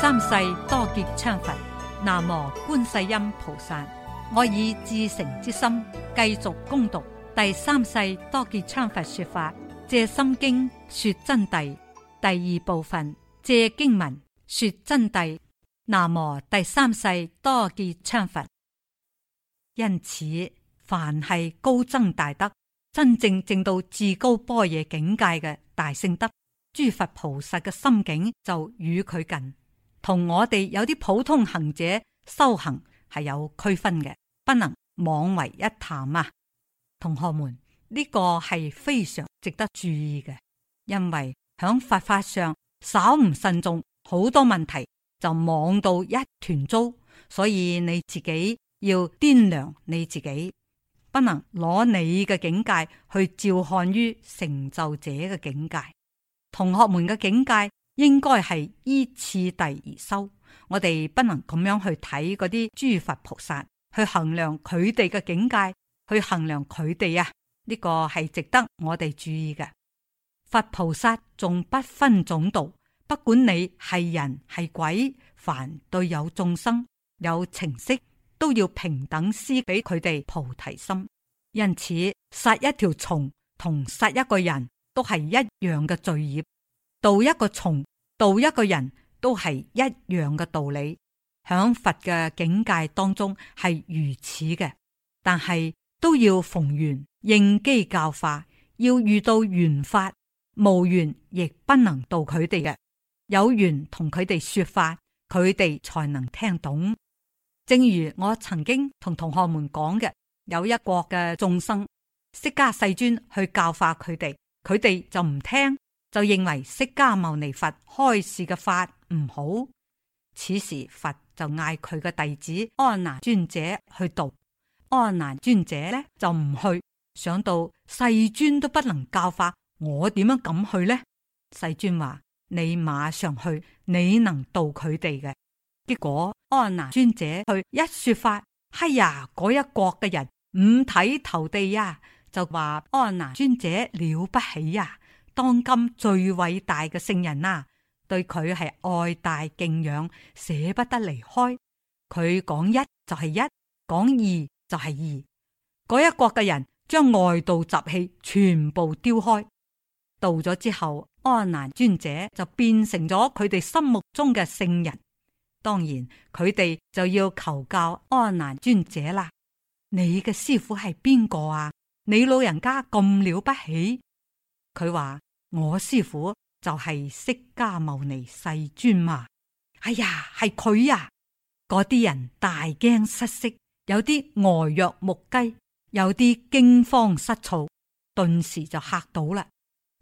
三世多杰羌佛，南無觀世音菩薩。我以至誠之心，繼續攻讀第三世多杰羌佛說法。借心經說真諦，第二部分借經文說真諦。南無第三世多杰羌佛。因此，凡係高僧大德、真正證到至高般若境界嘅大聖德，諸佛菩薩嘅心境就與佢近。同我哋有啲普通行者修行係有區分嘅，不能妄為一談啊！同學們，呢個係非常值得注意嘅，因為響佛法上稍唔慎重，好多問題就妄到一團糟，所以你自己要掂量你自己，不能攞你嘅境界去照看於成就者嘅境界。同學們嘅境界。應該係依次第而修，我哋不能咁樣去睇嗰啲諸佛菩薩去衡量佢哋嘅境界，去衡量佢哋啊！呢個係值得我哋注意嘅。佛菩薩仲不分種度，不管你係人係鬼凡，對有眾生有情色，都要平等施俾佢哋菩提心。因此，殺一條蟲同殺一個人都係一樣嘅罪業。度一個蟲，度一個人都係一樣嘅道理，喺佛嘅境界當中係如此嘅。但係都要逢緣應機教化，要遇到緣法，無緣亦不能度佢哋嘅。有緣同佢哋說法，佢哋才能聽懂。正如我曾經同同學們講嘅，有一國嘅眾生，釋迦世尊去教化佢哋，佢哋就唔聽，就認為釋迦牟尼佛開示嘅法唔好，此時佛就嗌佢嘅弟子阿難尊者去度。阿難尊者呢就唔去，想到世尊都不能教化，我點樣敢去呢？世尊話：你馬上去，你能度佢哋嘅。結果阿難尊者去一說法，哎呀，嗰一國嘅人五體投地呀，就話阿難尊者了不起呀。當今最偉大嘅聖人啊，對佢係愛戴敬仰，捨不得離開。佢講一就係一，講二就係二。嗰一國嘅人將外道習氣全部丟開，到咗之後，安南尊者就變成咗佢哋心目中嘅聖人。當然，佢哋就要求教安南尊者啦。你嘅師父係邊個啊？你老人家咁了不起！佢話：我師父就係釋迦牟尼世尊嘛。哎呀，係佢呀！嗰啲人大驚失色，有啲呆若木雞，有啲驚慌失措，頓時就嚇到啦。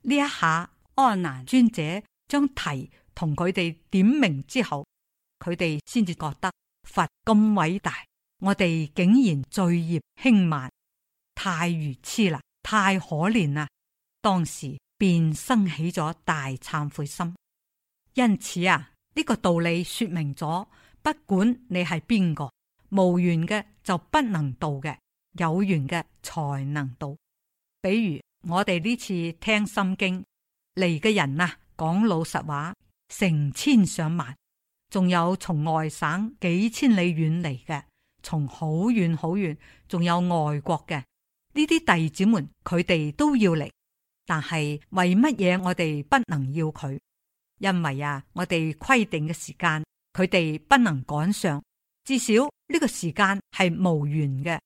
呢一下，阿難尊者將題同佢哋點明之後，佢哋先至覺得佛咁偉大，我哋竟然罪孽輕慢，太愚癡啦，太可憐啦！當時便生起咗大懺悔心，因此啊，呢個道理說明咗，不管你係邊個，無緣嘅就不能到嘅，有緣嘅才能到。比如我哋呢次聽心經嚟嘅人啊，講老實話，成千上萬，仲有從外省幾千里遠嚟嘅，從好遠好遠，仲有外國嘅呢啲弟子們，佢哋都要嚟。但係為乜嘢我哋不能要佢？因為啊，我哋規定嘅時間，佢哋不能趕上。至少呢個時間係無緣嘅，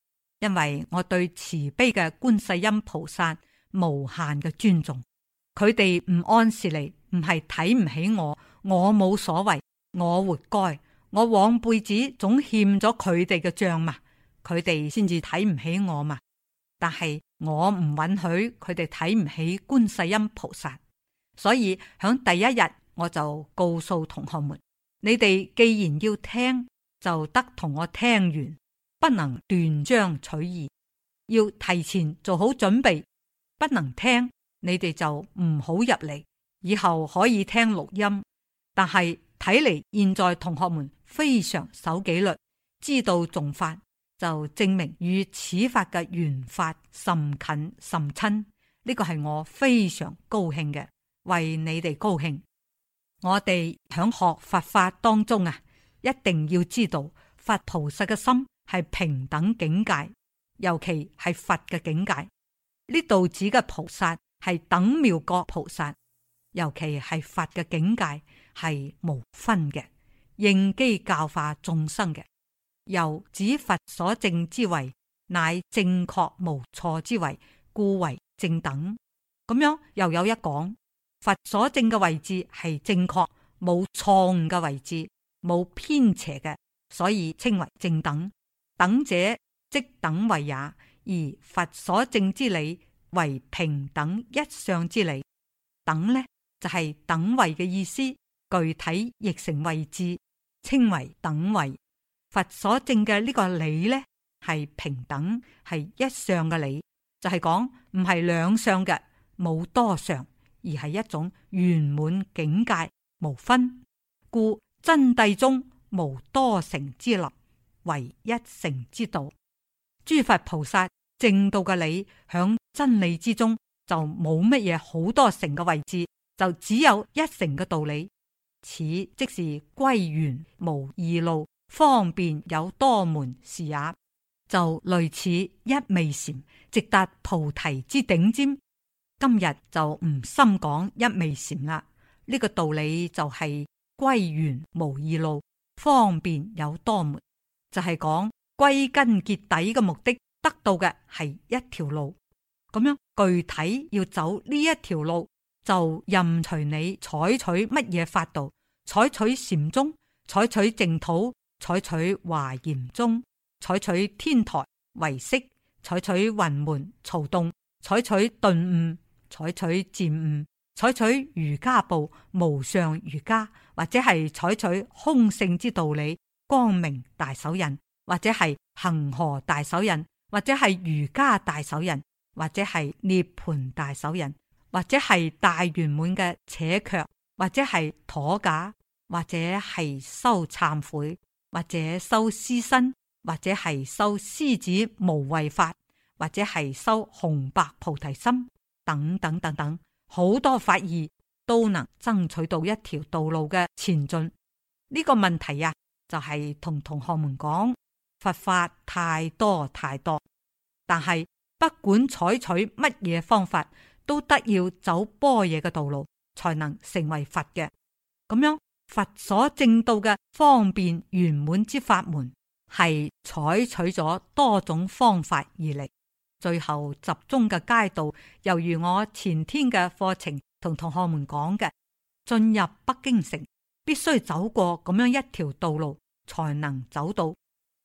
因為我對慈悲嘅觀世音菩薩無限嘅尊重。佢哋唔按時嚟，唔係睇唔起我，我冇所謂，我活該。我往輩子總欠咗佢哋嘅賬嘛，佢哋先至睇唔起我嘛。但係我唔允許佢哋睇唔起觀世音菩薩，所以喺第一日我就告訴同學們：你哋既然要聽，就得同我聽完，不能斷章取義。要提前做好準備，不能聽，你哋就唔好入嚟，以後可以聽錄音。但係睇嚟現在同學們非常守紀律，知道重法。就證明與此法嘅原法甚近甚親，呢個係我非常高興嘅，為你哋高興。我哋響學佛法當中啊，一定要知道，佛菩薩嘅心係平等境界，尤其係佛嘅境界。呢度指嘅菩薩係等妙覺菩薩，尤其係佛嘅境界係無分嘅，應機教化眾生嘅。又指佛所正之位，乃正確無錯之位，故為正等。咁樣又有一講，佛所正嘅位置係正確，冇錯誤嘅位置，冇偏斜嘅，所以稱為正等。等者即等位也，而佛所正之理為平等一相之理。等呢就係、是、等位嘅意思，具體亦成位置，稱為等位。佛所證嘅呢個理呢，係平等，係一相嘅理，就係講唔係兩相嘅，冇多相，而係一種圓滿境界，無分。故真諦中無多成之立，唯一成之道。諸佛菩薩正道嘅理，響真理之中就冇乜嘢好多成嘅位置，就只有一成嘅道理。此即是歸元無二路。方便有多門是也，就類似一味禪直達菩提之頂尖。今日就唔深講一味禪啦。呢個道理就係歸元無二路，方便有多門，就係講歸根結底嘅目的，得到嘅係一條路。咁樣具體要走呢一條路，就任隨你採取乜嘢法道，採取禪宗，採取淨土。採取華嚴宗，採取天台為式，採取雲門曹洞，採取頓悟，採取漸悟，採取儒家部無上瑜伽，或者係採取空性之道理、光明大手印，或者係恒河大手印，或者係瑜伽大手印，或者係涅槃大手印，或者係大圓滿嘅且卻，或者係妥假，或者係修懺悔。或者修施身，或者係修獅子無畏法，或者係修紅白菩提心，等等等等，好多法義都能爭取到一條道路嘅前進。呢、這個問題呀、啊，就係、是、同同學們講，佛法太多太多，但係不管採取乜嘢方法，都得要走般若嘅道路，才能成為佛嘅。咁樣。佛所正道嘅方便圓滿之法門，係採取咗多種方法而嚟，最後集中嘅街道，猶如我前天嘅課程同同學們講嘅，進入北京城必須走過咁樣一條道路才能走到。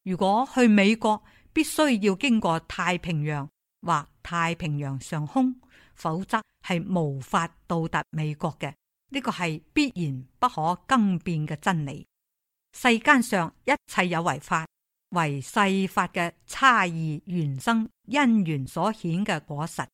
如果去美國，必須要經過太平洋或太平洋上空，否則係無法到達美國嘅。呢個係必然不可更變嘅真理。世間上一切有為法，為世法嘅差異原生因緣所顯嘅果實，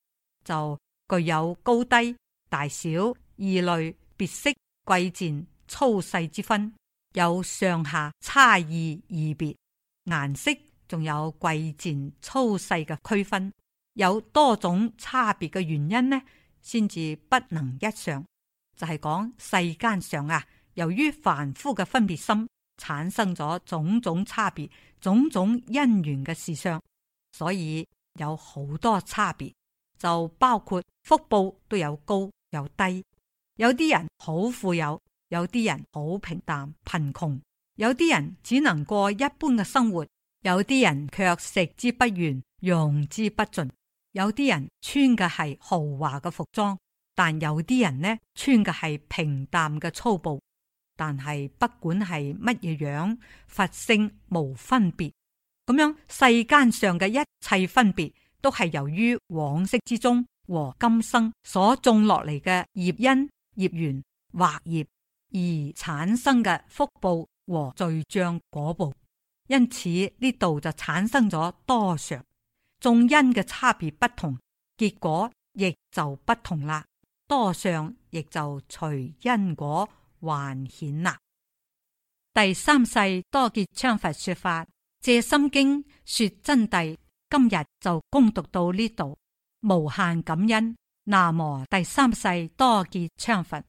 就具有高低、大小、異類、別色、貴賤、粗細之分，有上下差異而別顏色貴賤，仲有貴賤粗細嘅區分，有多種差別嘅原因呢，先至不能一上。就係講世間上啊，由於凡夫嘅分別心，產生咗種種差別、種種因緣嘅事相，所以有好多差別，就包括福報都有高有低，有啲人好富有，有啲人好平淡貧窮，有啲人只能過一般嘅生活，有啲人卻食之不完、用之不盡，有啲人穿嘅係豪華嘅服裝。但有啲人呢，穿嘅係平淡嘅粗布，但係不管係乜嘢樣，佛性無分別咁樣。世間上嘅一切分別，都係由於往昔之中和今生所種落嚟嘅業因、業緣、惑業而產生嘅福報和罪障果報。因此呢度就產生咗多常種因嘅差別不同，結果亦就不同啦。多相亦就隨因果還顯啦。第三世多杰羌佛說法，藉心經說真諦。今日就恭讀到呢度，無限感恩。南無第三世多杰羌佛。